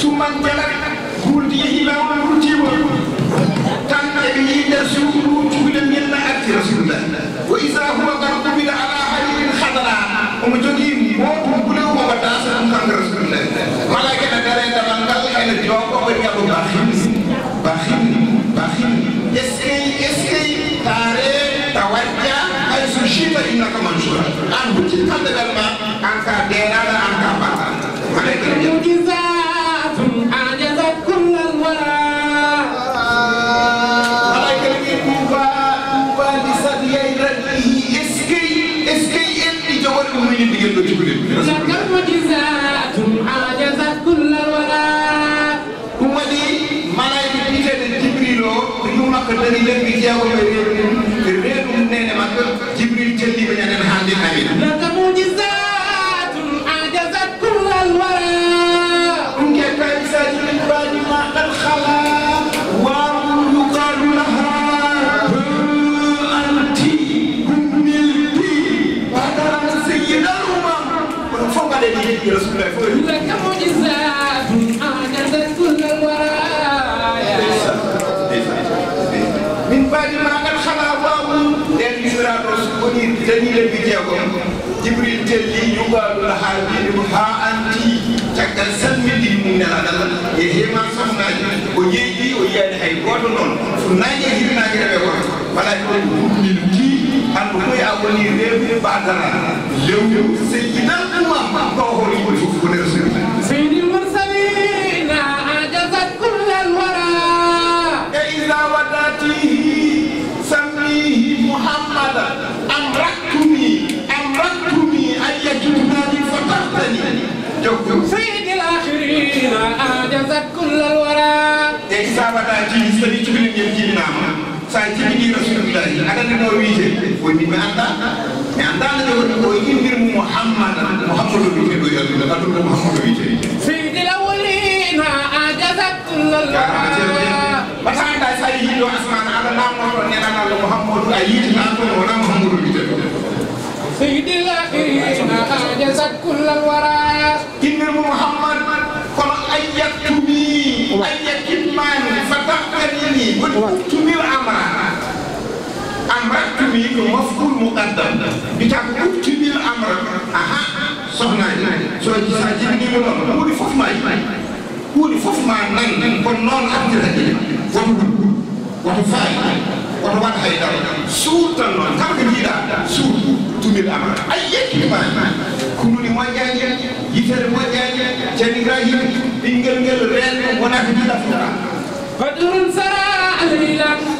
summan jalan huldihi ma hultiwa tan eɓe yiida suudu cuhle minna atti rasulullah wa isa huwa qad qubila ala hayrin hadara omo jogii mootum gulew omo daasa ɗum kanko rasulullah malaika ne dare damal ngal ene joogo ɓe ñaɓo baahi jullit la jullit dari lebbi jawɓe ɓe reɗum nene makko jibril telli ɓe ñanen hande amina laka mujisatun ajasat kullal wara ɗum ke kaisaji min badima qad khala يا رسول الله فوي لك معجزات أعجزت كل الورايا من بعد ما قد خلا الله لأن يسرى الرسول تنيل بجاهم جبريل تلي يقال لها ها أنت caggal salmindi mum nelaɗal e heman sofnaji o yeeyi o yiyani hay goto noon so nañi e hirnaji rewe goto wala ɗon ɗumɗin ti hannde koye a woni rewde badara lewdu seyidal umma ɗo hono ɓuri fof ko nder sunna seydi mursalina ajasat kullal wara e ila wadatihi sammihi muhammada am raktumi am raktumi an yajutunani fotahtani jokku seydi l akhirina ajasat kullal wara e sa wadatihi sadi cukalel ñel jiɗinama sa jibini rasulullahi adana no wiide woni ɓe anda e andano ɓe ko inndir muhammadan muhammadu wiite ɗo yallude aduna muhammadu wiite seydila wolina a jasatllah wata anda sa yiiɗo asmana ala namnoɗo nenanalla muhammadu a yiiditan ɗon wona muhammadu wiite ɗo seydila ina a jasat kullal wara inndir mo muhammad kalau ayat yattumi ayat yakkimmani fa ini, ni woni amrat mi ko mafkul muqaddam bitaku ubtidil amra aha soxna so ci sa jibni mo non di fofu may ko di fofu ma nan kon non ak ci la jibni fofu wato fay wato wat hay dal sultan non kam ko dida sul mil amra ay yekki ma kunuli mo jangel yitere mo jangel ceni ibrahim dingel ngel ren wona ko dida fuka qadrun sara ahlilan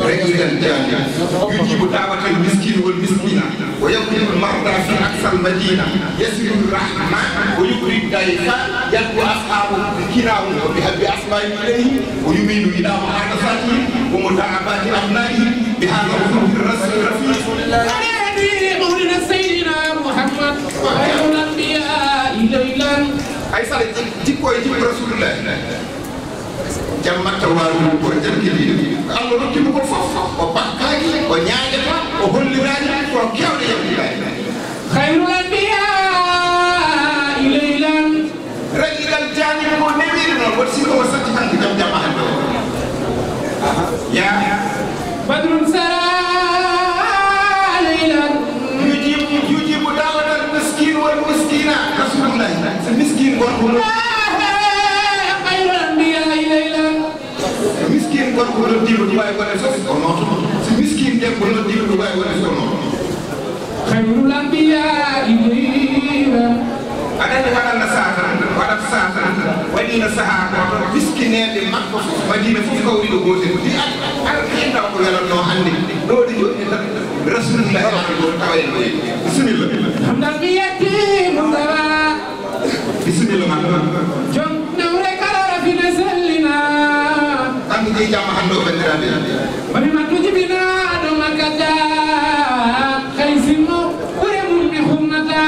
رجلا جانا يجيب دعوة المسكين والمسكينة ويقلب المرضى في أقصى المدينة يسر الرحمة ويقري الضيف يدعو أصحابه بكراهم وبأسمائهم إليه ويميل إلى محادثاتهم ومتابعة أبنائهم بهذا الخلق الرسول الرفيع على أبي مولنا سيدنا محمد وخير الأنبياء إلى أي صلاة جيب جيب رسول الله jammatta warugo kono tan allah rokkimo kon fof o bakkaki o ñaagata o hollirani ko kewɗe yamɗirani hayrul anbiya ileylan raƴiral janib mo newiri noon woto sikko o satti hanke jam ya badrun sara leylan yujibu yujibu dawatal miskin wal miskina rasulullah miskin gonko miskin kon ko ɗon diwa ɗi wawi waɗe fof kono so miskin debbo ɗon diwa ɗi wawi waɗe fof noon hayrul ambiyai ira aɗani waɗanno satan waɗat satan waɗino saaha ko miskineɓe makko fof madina fof kawri ɗo gotel ɗi alkinda ko welanno hannde ɗo ɗi joɗɗi tan rasulullah ɗo tawa en ɗoyen bisimilla hamdan mi yettimo gawa bisimilla ma jom ɗewre kala rafine sellina di jàmm àndoo bandiraɓe manima tujibina aɗo makkata hay sinno ɓure mum mi hummata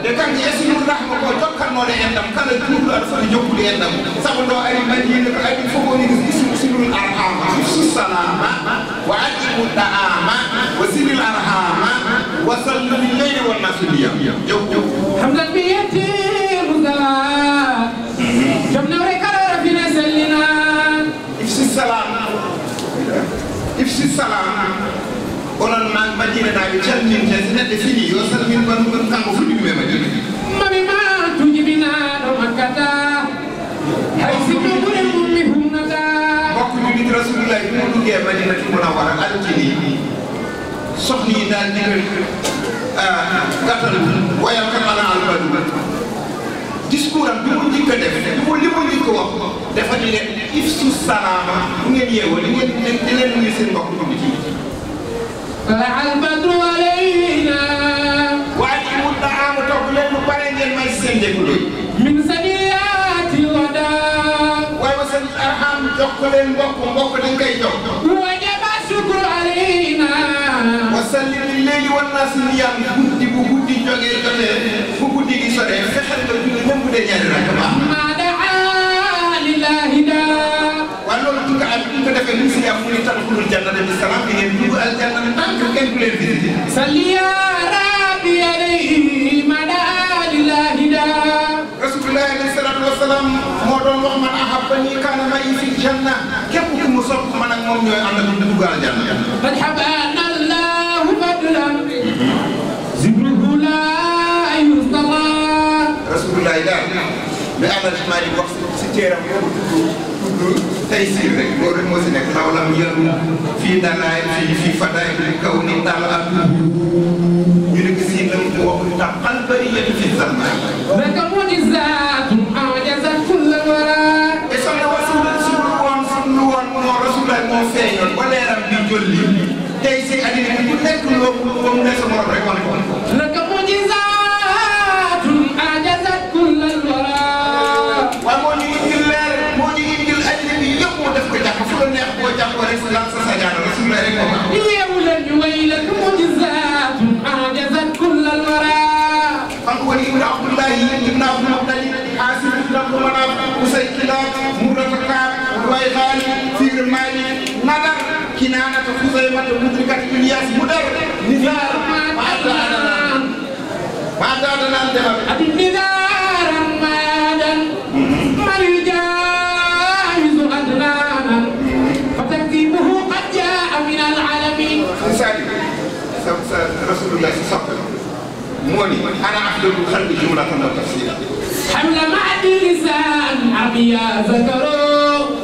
nde kanko yesinum rahma ko jokkannoɗo en ɗam kala juurɗo aɗa foti jokkude en ɗam saabu ɗo ari madina ko ari fof woni ismu silul arhama susalama wa adimu ɗaama wa silil arhama wa sallu lilleyli wonnasuliya jow jow hamdan mi yetti salaam onon ma mbaddiɗaɗaɓe calminte so neɗɗo fini yo salmin gon gon kanko fu ɗumɓe madina mami ma tujibinaɗo makkata hay sikko ɓure ummi humnata bokko jumit rasulullahi ɗum ɗuge madina tumona wara altini sohni dal ndigal gatal ah, wayal kamana albadu discours am bi mu njëkk a def li mu li mu njëkk a wax min saniyaati wada waaye ba seen arham jox ko leen mbokk mbokk dañ koy jox wajaba bu guddi jógee jotee bu guddi gi soree fexeel nga julli même bu dee ñaari rek baax waaye loolu bu ko am bu ko defee lu si yàqu ni tadxulul jannata bi salaam di ngeen dugg aljanna bi tànk kenn du leen visité salli yaa rabbi alayhi rasulullahi alayhi salaatu wa salaam moo doon wax man ahabbani kaana ma'i fil janna képp ku mu sopp man ak moom ñooy ànd ak dugg aljanna Rasulullaay daal mais am na li maa di wax si teeram yow tudd tey si rek loolu moo si nekk xawlam yëngu fii danaay fii fii fadaay fii kaw ni tàll ak ñu nekk si la mu wax tax xal bëri yëngu fii sax naa. naka mu di zaatum aw jasa kulla wara. te soxna wasu su lu woon su lu woon moo Rasulullaay moo feeñoon ba leeram bi jolli tey si àddina bi mu nekk loo ko moom ne sa morom rek wane ko. khali firman nadar kinana to khuzaimah to mudrikat ilyas mudar nizar pada adanan pada adanan adi nizar ramadan marijahizu adnanan fatakimuhu qadja aminal alamin misali Rasulullah sasabda Muni,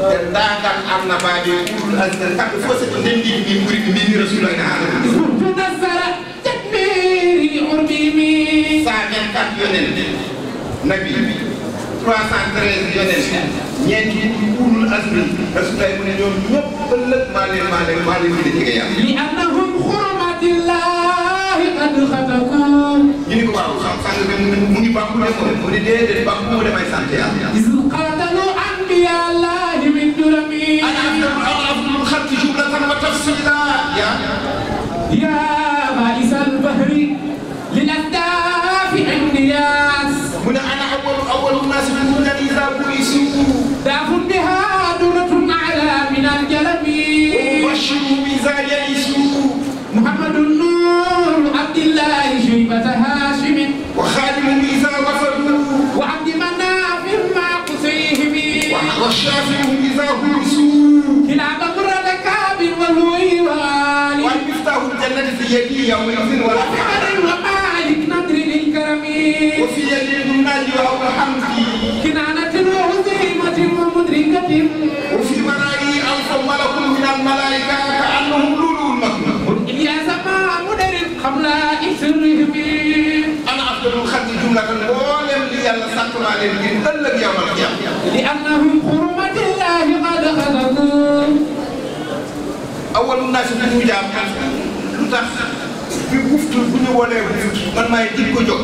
tentang arnabaɓe ɓurul andal kamɓe fof soɓe ndenndini min ɓuri ɓe mbimi rasulah ne haalaasara jatmeri ormimi sa vingt nabi 313 yonen ñeenti ɓurul asri rasulah mune ñoom ñëpp ëllëg maalen maalen maalen mine jegeyam qad khatakum ñu ko waaw xam sàng de mu ngi bàmbu mu ni déedéet bàmbu mu allah قصيدة يا يا بائس البهر للأهداف عند هنا أنا أول أول الناس من الذي إذا بويسوا داف بها دونة أعلى من الجلب وبشروا بذا يئسوا وفي يمين النجوى وحمد كنانة وهزيمة ومدركة وفي مرائي ألف ملك من الملائكة كأنهم لولو المكنون قل يا سماء مدرك قبل إسرهم أنا أفضل الخلق جملة ولم لي ألا سطر عليهم إلا يوم القيامة لأنهم حرمة الله قد خلقوا أول الناس من يجاب lu tax bi buftu bu ñu walee man maay dig ko jóg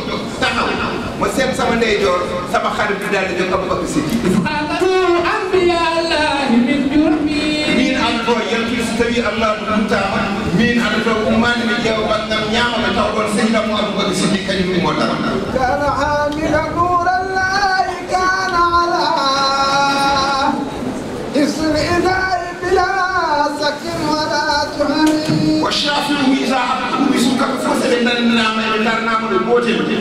مسيم سامي جور سما خارب كدال جو كابو كابو سيتي أتو أنبياء الله من جرمي مين أنبو يلقي ستري الله بمتا مين أنبو أمان من جاو بطن نعم بطاو بل سيدا مو أبو كابو سيتي كان يمي مولا كان حامل نور الله كان على اسم إذا بلا سكن ولا تعني وشافي ميزا حبكو بسوكا فوسل إننا نعمل نعمل نعمل نعمل نعمل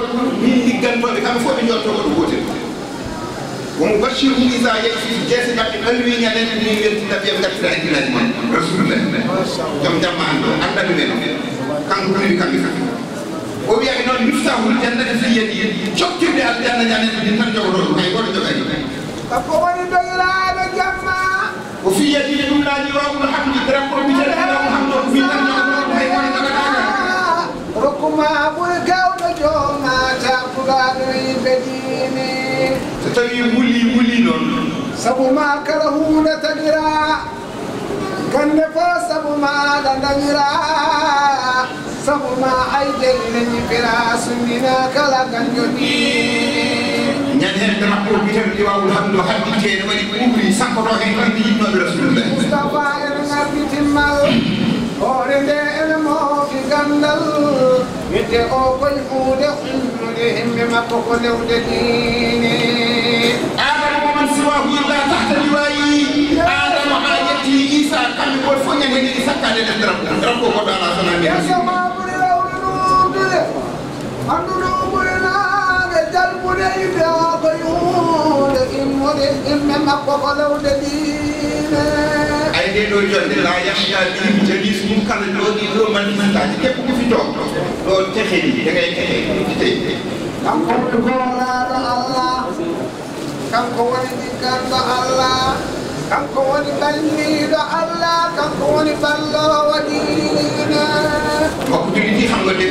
kod min liggantoɓe kamɓe fof ɓe jottogo ɗo gotel womo bachir um isa yeysi jeese maɓɓe anwi ñanen min weltinna ɓe gattira e village moon rasulullah joom jamma an ɗo anda ɗumen kanko ɗuwi kamɓe kam o wiyaki noon miftahul jannata fi yedi coktirde aljanna ñanen ɗin tan jogotoɗo kay goto jogani kanko woni dogiraɗo jamma o fi yedi ɗum naji wawul hamdi drakko miteɗeɗamo hamdo min tan jogotoɗo kay goto jogataka rokkuma ɓuri tawi wuli wuli noon sabu ma kala hunde tagira kande fo sabu maɗa dañira sabu ma ayden leñifira sunnina kala kan joɗi ñande hen ɓe makko wiiten ɗiwawol hamdo hakkiteene waɗi ɓuuri sankoto hen kamɓe yimnoɓe rasulullah moustapha en gardi timmal hoore nde ene moofi ganndal yidde o koye huude hunnude himɓe makko ko lewde diine adama oman siwahuylla tahta liwayi adama ha yetti isa kamɓe gon fof ñanheni ɗi sakkade ɗen dram dram ko koɗo ala sonami yesoma ɓuri rewde ɗuɗude annduɗo ɓurinaaɗe jalɓude yimɓe o وللجود إن مقبل ودينا ayde ɗo jonde la yahya min jagis mum kala jooɗi ɗo manifestaji keppo ko fi toon ɗo tehedi degay tehe titey kanko woni gomnaɗo allah kanko woni ɗigganɗo allah kanko woni balliɗo allah kanko woni ballowo diina wakko jogiti hamgo deg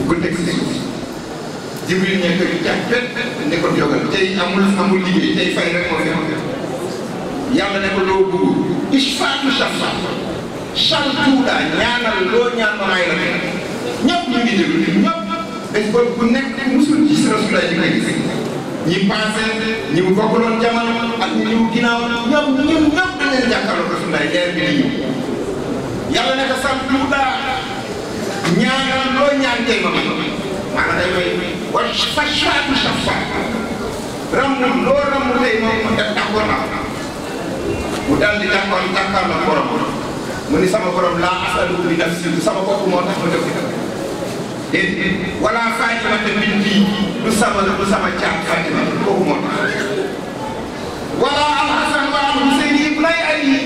bu ko dégg dégg jibril ñee ko jàppee ne ko jógal tey amul amul liggéey tey fay rek moo fi am yàlla ne ko loo bëgg isfaatu safa santuuda ñaanal loo ñaan ma may la ñëpp ñu ngi déglu ñëpp bés boobu bu nekk musul gis rasulullah ñu koy gis ñi passé ñi mu bokkaloon jamono ak ñi mu ginnaaw ñoom ñun ñëpp dañ leen jàkkaarloo rasulullah leer bi di ñëw yàlla ne ko santuuda ñaanal tay mam maanaam day way wal fashaatu shafa ramul loo ramul tay moom def d'accord naa mu daal di d'accord d'accord la borom mu ni sama borom asal asaluhu li sama bopp moo tax ma def ci déedéet wala fatimata binti du sama du sama caat fatima kooku moo tax wala alhasan wala alhusayn ibn ali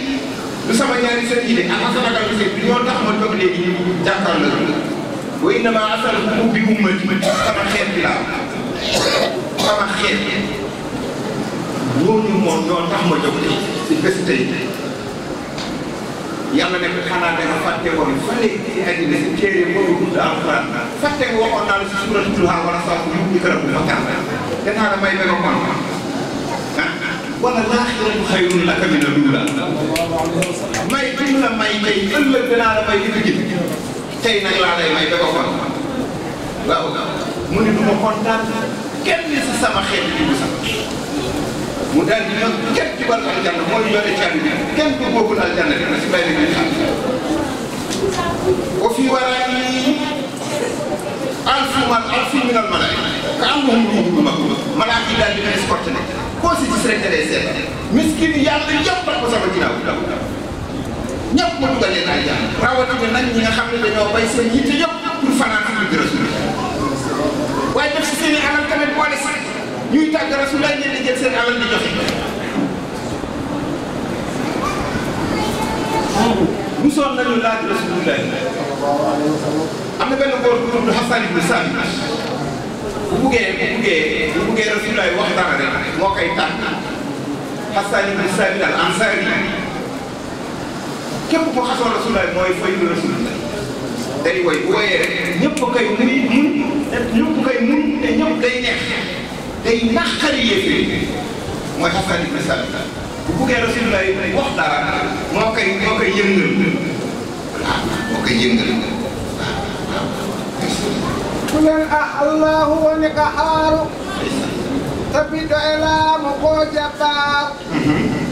du sama ñaari sëriñ yi de alhasan ak alhusayn ñoo wa innama asalakum bi ummati sama xeet bi laa sama xeet ñooñu moom ñoo tax ma jóg tey si bés tey yàlla ne ko xanaa danga fàtte woon fële ci àddina si téere boobu dund alxuraan fàtte ko waxoon naa la si suratul ha wala sax ñu ñu gërëm ma kàr danaa la may bëgg kon ah, wala laaxiratu xayrun laka mina dunya may bi mu la may may ëllëg danaa la may li nga jël tey nag laa may ba kon mu ne du ma kontaan kenn si sama xeet mu daal di ñëw kenn aljanna mooy yore cànn bi kenn du aljanna dina si bàyyi la xam wa fii waraay alfu man alfu min al malaaka ka am na mu dugg ma malaaka yi koo si gis rek da lay seet miskin yàlla yëpp ko sama ginnaaw ñëpp ma dugal leen ay jàll rawatina nag ñi nga xam ne dañoo bay seen yitte yëpp pour fanaan ak lu rasul waaye def si seen i alal tamit boole si ñuy tàgg rasulaay ngeen di jël seen alal di joxe. bu soon nañu laaj rasulullah am na benn góor bu tudd Xasan ibn Sali bu buggee bu buggee bu buggee rasulullah wax dara rek moo koy tànn Xasan ibn Sali al Ansari képp ko xasoo rasulaay mooy fayu rasulaay day woy bu woyee rek ñëpp koy mun ñëpp koy mun te ñëpp day neex day naqari yéefee mooy Xasan ibn Sabit bu buggee rasulaay wax dara moo koy moo koy yëngal waaw moo koy yëngal ku leen a ah, allahu wa ni ka xaaru te bi doy laa ma koo jàppaar mhm.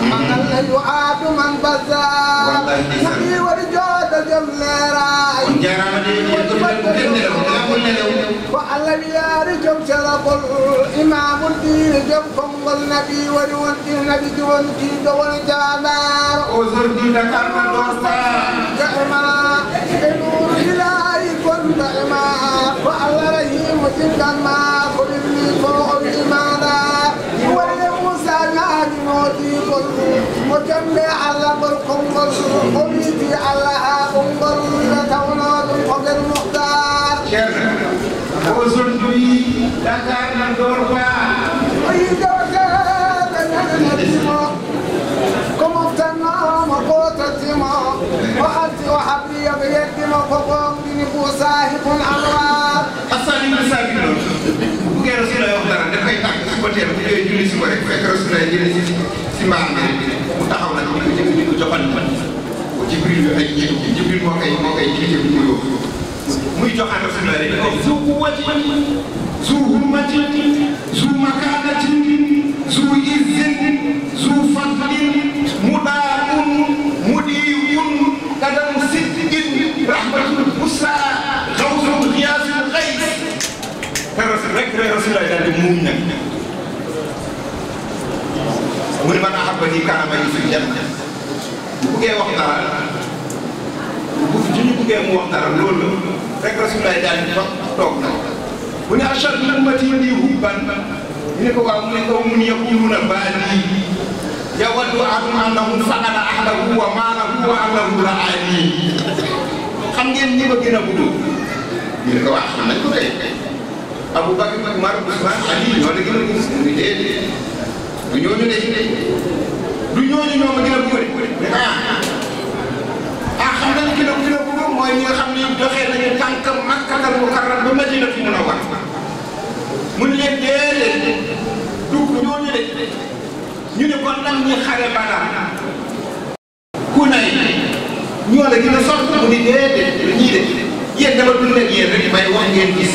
من الذي يعاد من بزار نبي ورجود جميراي وعلم يا رجم شرف الإمام الدين جم فم والنبي ورون النبي جون كيد والجانار أزر دينك المدرسة دائما نور إلهي كن دائما وعلى رحيم سلطان ما كل اللي فوق الإمام وتيكم مجمع على بركم قلبكم يدي على هاكم ضرورة ونادم قبل المختار وزندي لكان الدربا كم افتنا مقوتة ما وحدي وحبلي بيدي ما فوق بني صاحب الأمراض أصلي مساكين teeru si la wax dara dafay tàgg su ko teeru bu ñëwee julli si ko rek fekk Rasulullah jëlee si si mbaar bi mu taxaw nag mu jëm di ko joxal man bu Jibril bi ay jiw Jibril moo koy moo koy jiite bu muy yóbbu muy joxaan Rasulullah rek ko su quwwatin su hummatin su makaanatin su izzin su fadlin mudaa'un mudi'un kadam sidqin rahmatul musaa kira rasulullahi daal di muum nag mu ne man ahabba ni karama yi suñ dem bu buggee wax dara bu suñu buggee mu wax dara loolu rek rasulullahi daal di toog toog nag bu ne achar lan ma ci di hubban ñu ne ko waaw mu ne ko mun yaquluna baali yawaddu ahadum annahu faqada ahlahu wa maalahu wa annahu raani xam ngeen ni ma gën a gudd ñu ne ko waa xam nañ ko tey Aboubacar nag Mar Mar Ali ñoo la gën a gis ñu dee du ñooñu de du ñooñu ñoo ma gën a bëgg ah ah xam nga ki la gën a bëgg mooy ñi nga xam ne doxee nañu tànk Makkatal Mukarram ba Madina fi mën a war mu ne leen déedéet du ñooñu de ñu ne kon nag ñi xare Badar ku nay ñoo la gën a soxla mu ne déedéet ñii de yéen dama dund ak yéen rek bay wax ngeen gis.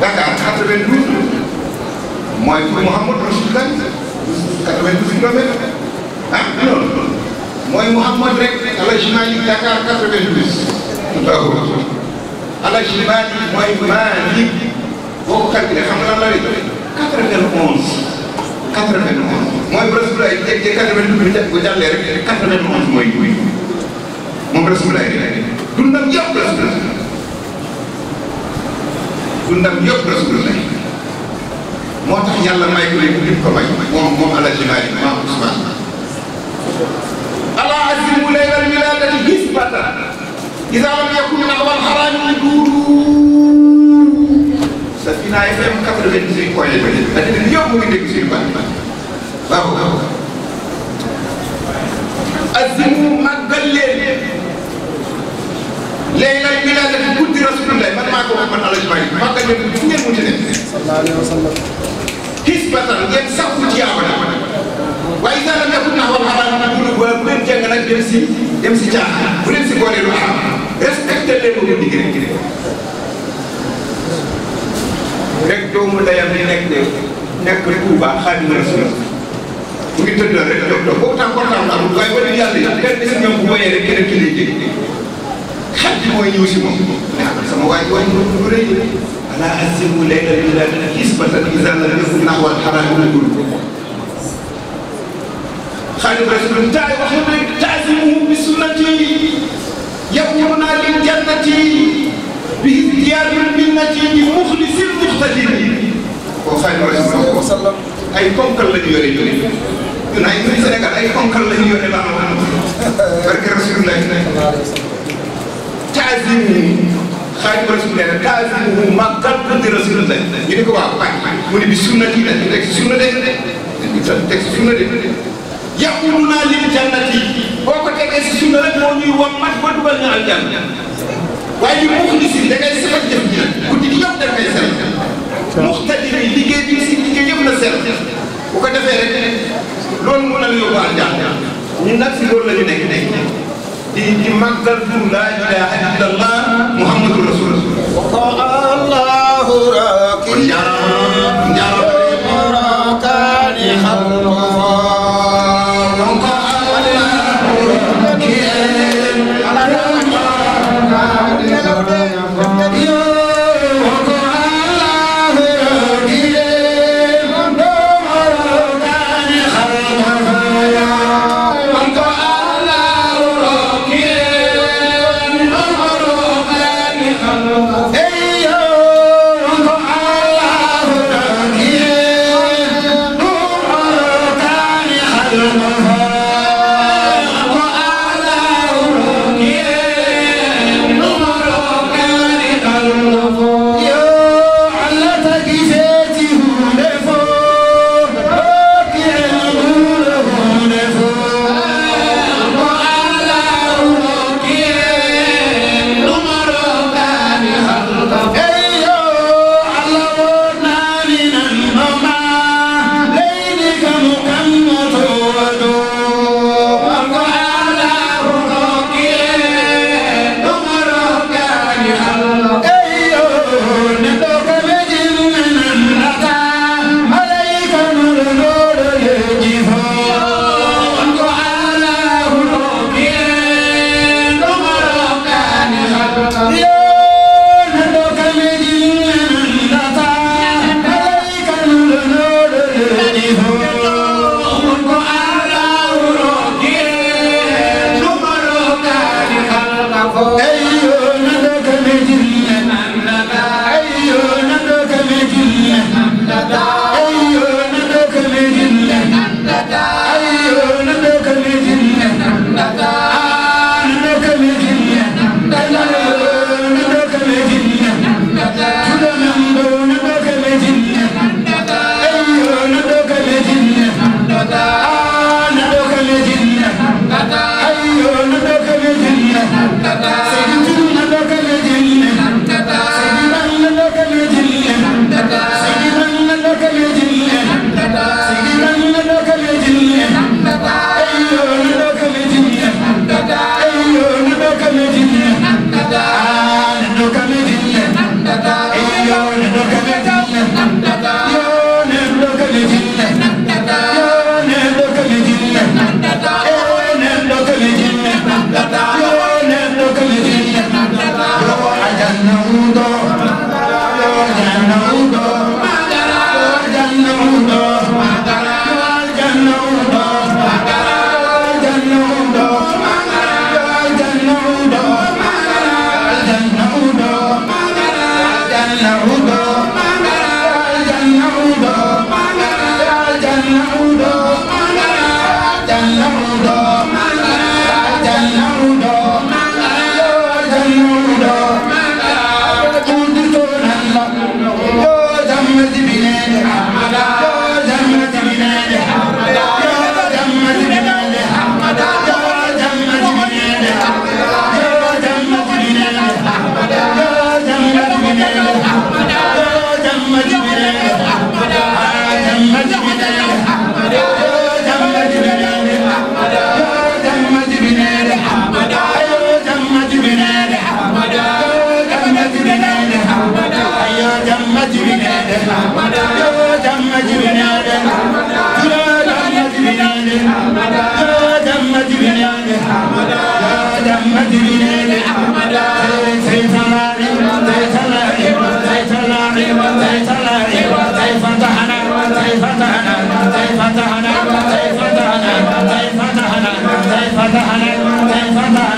Dakar 92 mooy pour Mouhamadou Rachid Kane 92 kilomètres ah mooy Mouhamad rek Alaji Malick Dakar 92. waaw Alaji Malick mooy Malick boo ko calculé xam nga lan la lay joxe 91 91 mooy Rasulullah ay jéeg 92 bi ko jàllee rek 91 mooy moom Rasulullah ay dundam yëpp Rasulullah dundam yëpp rasulullah moo tax yàlla may ko léegi lim ko may moom moom El Hadj Malick maam Ousmane. allah azimu leeral wilaadati hisbata iza lam yakun min awal xaraami duudu Safina FM mu ngi dégg suñu bàtt waaw waaw. azimu màggal leen leeral wilaadati guddi rasulullah man maa ko wax man yonent bi fu ngeen mën a dem. sallallahu alayhi wa sallam. xisbatan ngeen sakku tiyaaba la. waaye saa la nekkul naa ko xalaat bu dul bu leen jàng nag dem si dem si caaxaan bu leen si boole lu xaram respecté leen ko mu digg rek. rek doomu ndeyam li nekk nekk Touba Xaadimu Rasuul mu ngi tëdd rek jóg doog boobu tam kontaan amul waaye ba léegi yàlla yàlla kenn si ñoom bu boyee rek keneen ki lay dégg xaj bi mooy ñëw si moom. sama waay waay lu rëy لا أسر الليل إلا نسبة إذا لم يكن نحو الحرام كله خالد رسول تعي وحبك تعزمه بسنتي يأمرنا للجنة بازدياد المنة بمخلص مقتدر وخالد صلى الله أي كونكر لن يريد ñun أي ñun Sénégal ay ponkal la الله yore laa wax barke rasulullah Xaadimu Rasuul nee na taazimuhu màggal di Rasulullah ñu ne ko waaw mu ne bi sunna kii la teg si de teg si sunna de yaquluna lil jannati boo ko tegee si sunna rek moo ñuy wom mat ba dugal ñu aljanna waaye ñu muxlisin da ngay safal jëf ji guddi gi yëpp da ngay sell muxtadi bi liggéey bi si liggéey yëpp la sell bu ko defee rek loolu mën na la yóbbu aljanna ñun nag si loolu la ñu nekk nekk di di màggal tur laa ilaaha illallah muhammadu rasulullah. wa allahu rakiya أنه فتحنا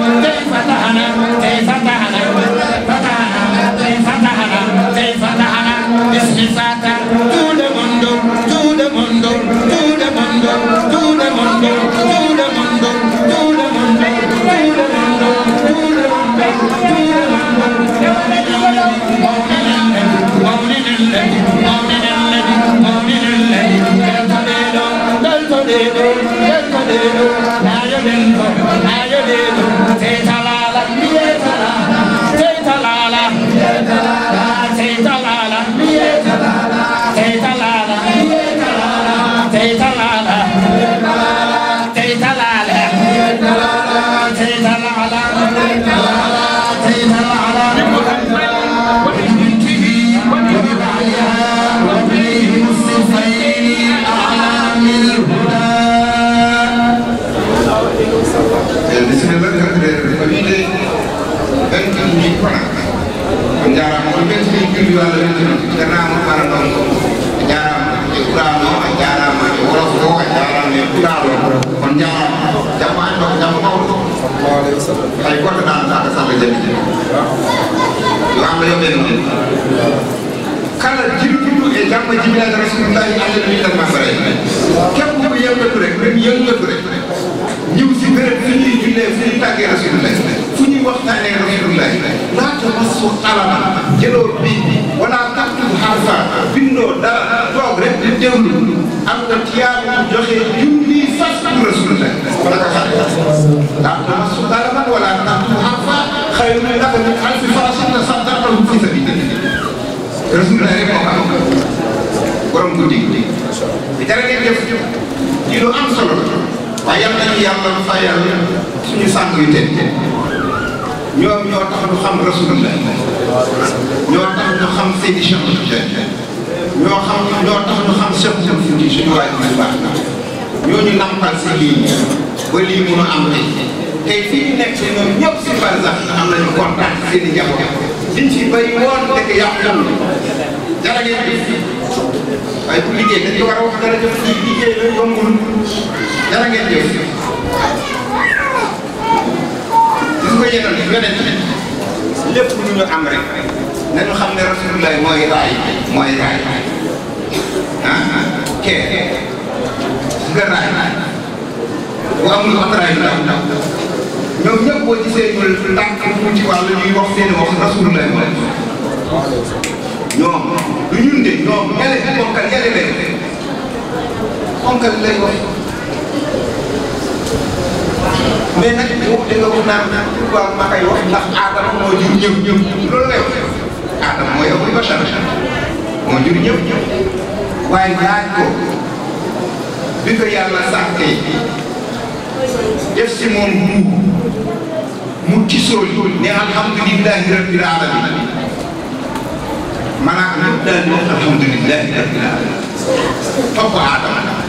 فتحنا كيف فتحنا كيف Now you did, now you did, now you yal nañu yàlla fayal suñu sàng yu tedd ñoom ñoo tax ñu xam rasulullah ñoo tax ñu xam Seydi Cheikh ñoo xam ñoo tax ñu xam Cheikh Cheikh Fouti suñu waay bu baax na ñoo ñu nampal si lii ba lii mën a am tey tey fii nekk ñoom ñëpp si barsax am nañu contact seen i jamono liñ ci béy woon dëkk yàqu-yàqu jërë ngeen waaye bu liggéey dañ ko war a wax dara jëf ci liggéey la yombul dara ngeen jëf gis nga yeneen yeneen lépp lu ñu am rek nañu xam ne rasulullah mooy raay mooy raay ah, ah kee gis nga raay bu amul wax raay ndaw ndaw ñoom ñëpp boo gisee ñu tànk ci wàllu ñuy wax seen wax rasulullah mooy ñoom du ñun de ñoom yàlla si ponkal yàlla lay ponkal lay wax mais nag boobu da nga ko naan naan pourquoi ma koy wax ndax aadama moo jur ñëw ñëw loolu lay wax aadama mooy yow muy bachar moo jur ñëw ñëw waaye laaj ko bi ko yàlla sàkkee def si moom mu mu tisoo ne alhamdulillahi rabbil alamin maanaam nag daal di wax alhamdulilah rabbil alamin topp aadama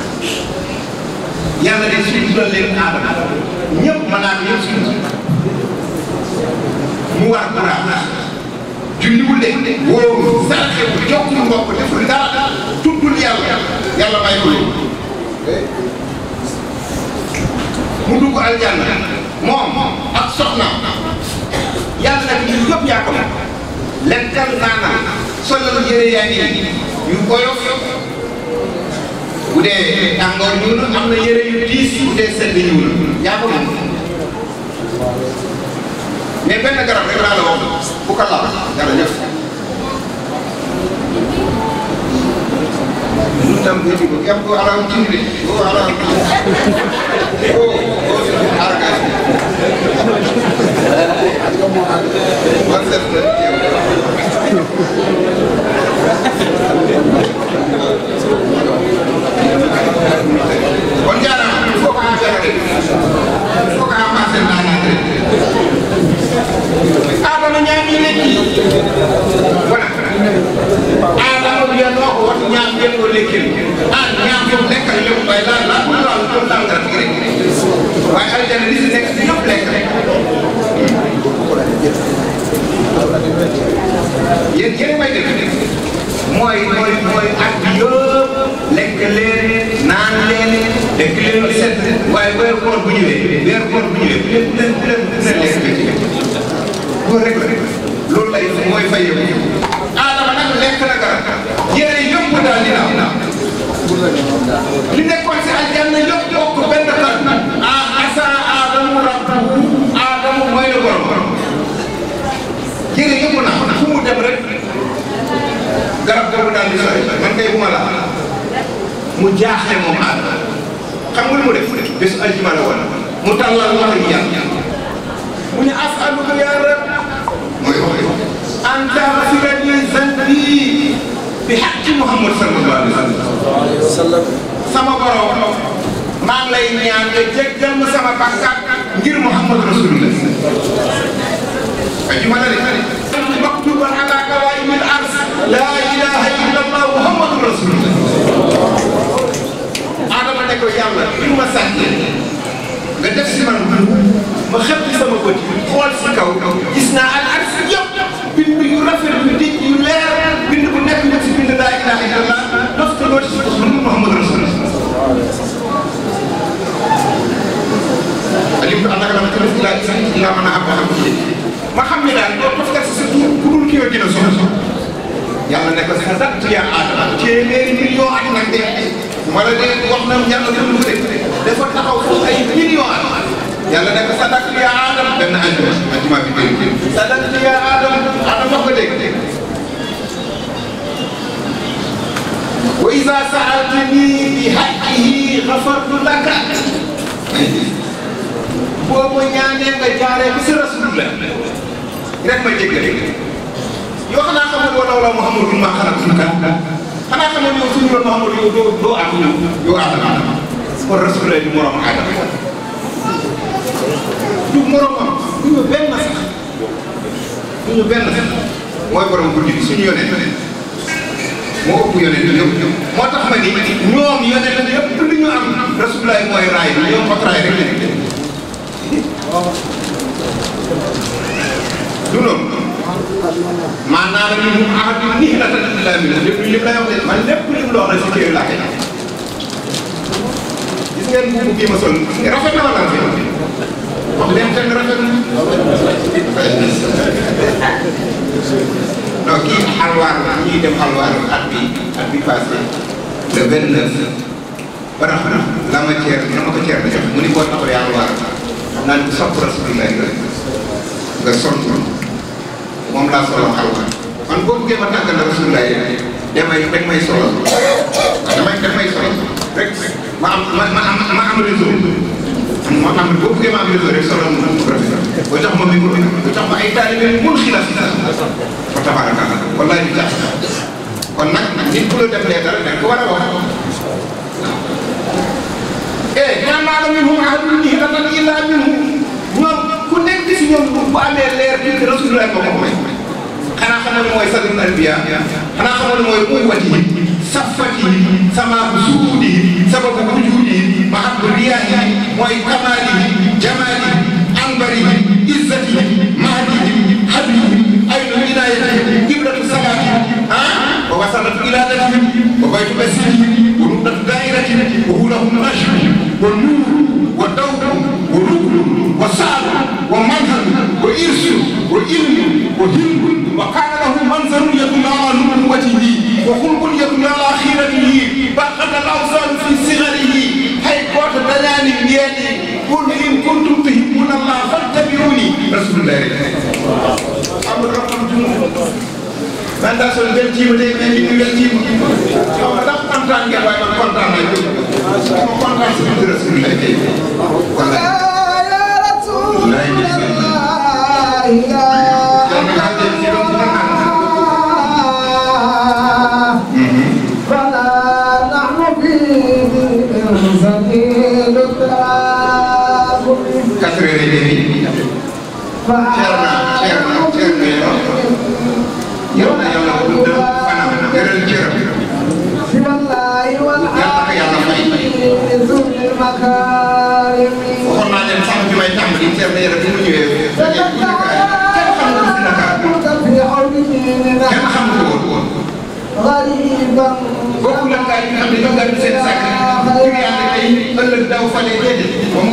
yàlla de suñu dugal leen aadama ñëpp maanaam ñëpp suñu mu war kuraas julliwul de wóorul saraxewul jokkul mbokk deful dara tuddul yàlla yàlla bàyyi ko loolu mu dugg aljanna moom ak soxnaam yàlla nag ñun ñëpp yaa ko lekkal naana solal yëre yaa ngi yu koyof bu dee tàngoor ñuul am na yëre yu diis bu dee sedd ñuul yaa ko moom mais benn garab rek laa la wax bu ko laal dara def ñun tam ñu ngi ko yàpp ko alal ci ñu de ko alal ko ko argaas ありがとうございます。bisu aljuma la woon mu tàllal wax ak yàlla mu ne asaluka yaa rab mooy wax an taxfira li zanbi bi xaqi Muhammad sallallahu alayhi wa sallam sama borom maa ngi lay ñaan nga jéggal ma sama bàkkaar ngir Muhammad rasulullah aljuma la de maktuban ala qawaimil ars la ilaha illa allah Muhammadu rasulullah ne ko yàlla bi ma sàkkee nga def si man ma xëpp sama bët yi xool si kaw gis naa al ak si yëpp bind yu rafet yu dij yu leer bind bu nekk nekk si bind laa ilaha illallah dof ko doo ci mun Muhammad rasulullah alim bi ànd ak la ma ci rasulullah sax laa mën a am xam ci ma xam ne daal doo toftal si sa tuur ku dul kii wa dina soxla yàlla ne ko xasat yaa aadama téeméeri million ak nag dee wala déet wax na yàlla dund ko de dafa taxaw foofu ay millions yàlla nekk sadaqta yaa Adam benn àjjuma àjjuma bi dégg ngeen sadaqta yaa Adam Adam wax ko dégg wa iza sa'altanii bi haqqihi ghafartu laka boo ma ñaanee nga jaaree bi si rasulullah rek ma jéggal yoo xam naa xam nga wala wala Muhammadul ma xalaat xanaa xamoon yow suñu la Mahamadou yow doo doo am ñam yow aadama aadama kon rasulullah du morom aadama du moromam du ñu benn sax du ñu benn sax mooy borom guddi bi suñu yonent la moo ëpp yonent yëpp moo tax ma ni ñoom yonent la yëpp dund ñu am rasulullah mooy raay bi ñoom fak raay rek maanaam li mu ahad ni xelata islam yi lépp li lay wax man lépp lim loo xam ne si téere laa koy gis ngeen mbubu bii ma sol rafet na wala rafet wax leen fenn rafet dem xalwaar at bi at bi passé le 29 ba tax la ma ceer na ma ko ceer na mu damay dañ may solo damay dañ may solo rek ma am ma ma ma am réseau ma am boo buggee ma am réseau rek solo ma am professeur ba tax ma micro ba tax ma ay taalibe yu mun xilaaf si fa tabaraka wallaay di tax kon nag nit ku la def lee dara dañ ko war a wax eh ñaan la minhum ahadun illa minhum ñoom ku nekk si ñoom bu amee leer bi Rasulullah ko may xam ne mooy sadul anbiya xanaa xamal mooy muy wati safati samaabu suudi sababu wujuudi mahabbu riyaahi mooy kamaali jamaali anbari izzati mahdi habibi aynu inayati ibratu samati ah wa wasalatu iladati wa baytu basiri wa nudatu dairati wa hulahu nash wa nuur wa dawru wa ruklu wa saadu wa manharu وإرسل وإلم وهلم وكان له منزل يدل على نبوته وخلق يدل على خيرته بقد الأوزان في صغره هي قوة بيان بيده قل إن كنتم تحبون الله فاتبعوني رسول الله أمر رقم جمهور man daa sonn benn jiw tey mais nit ñi benn jiw xaw ma ndax kontaan ngeen waaye man kontaan naa jóg ma kontaan si biir rasul lay tey ceerno ceerno ceerno yow na yow na ko dundal fanam beral cëram yàlla fay waxoon naa leen sax bi may tàmbali ceerno yàlla bi mu ñëwee kenn xamul ko si Dakar kenn xamul ko woon bokkul ak gars yi nga xam ne ñoom daal di seen sàkk ëllëg daw fale déedéet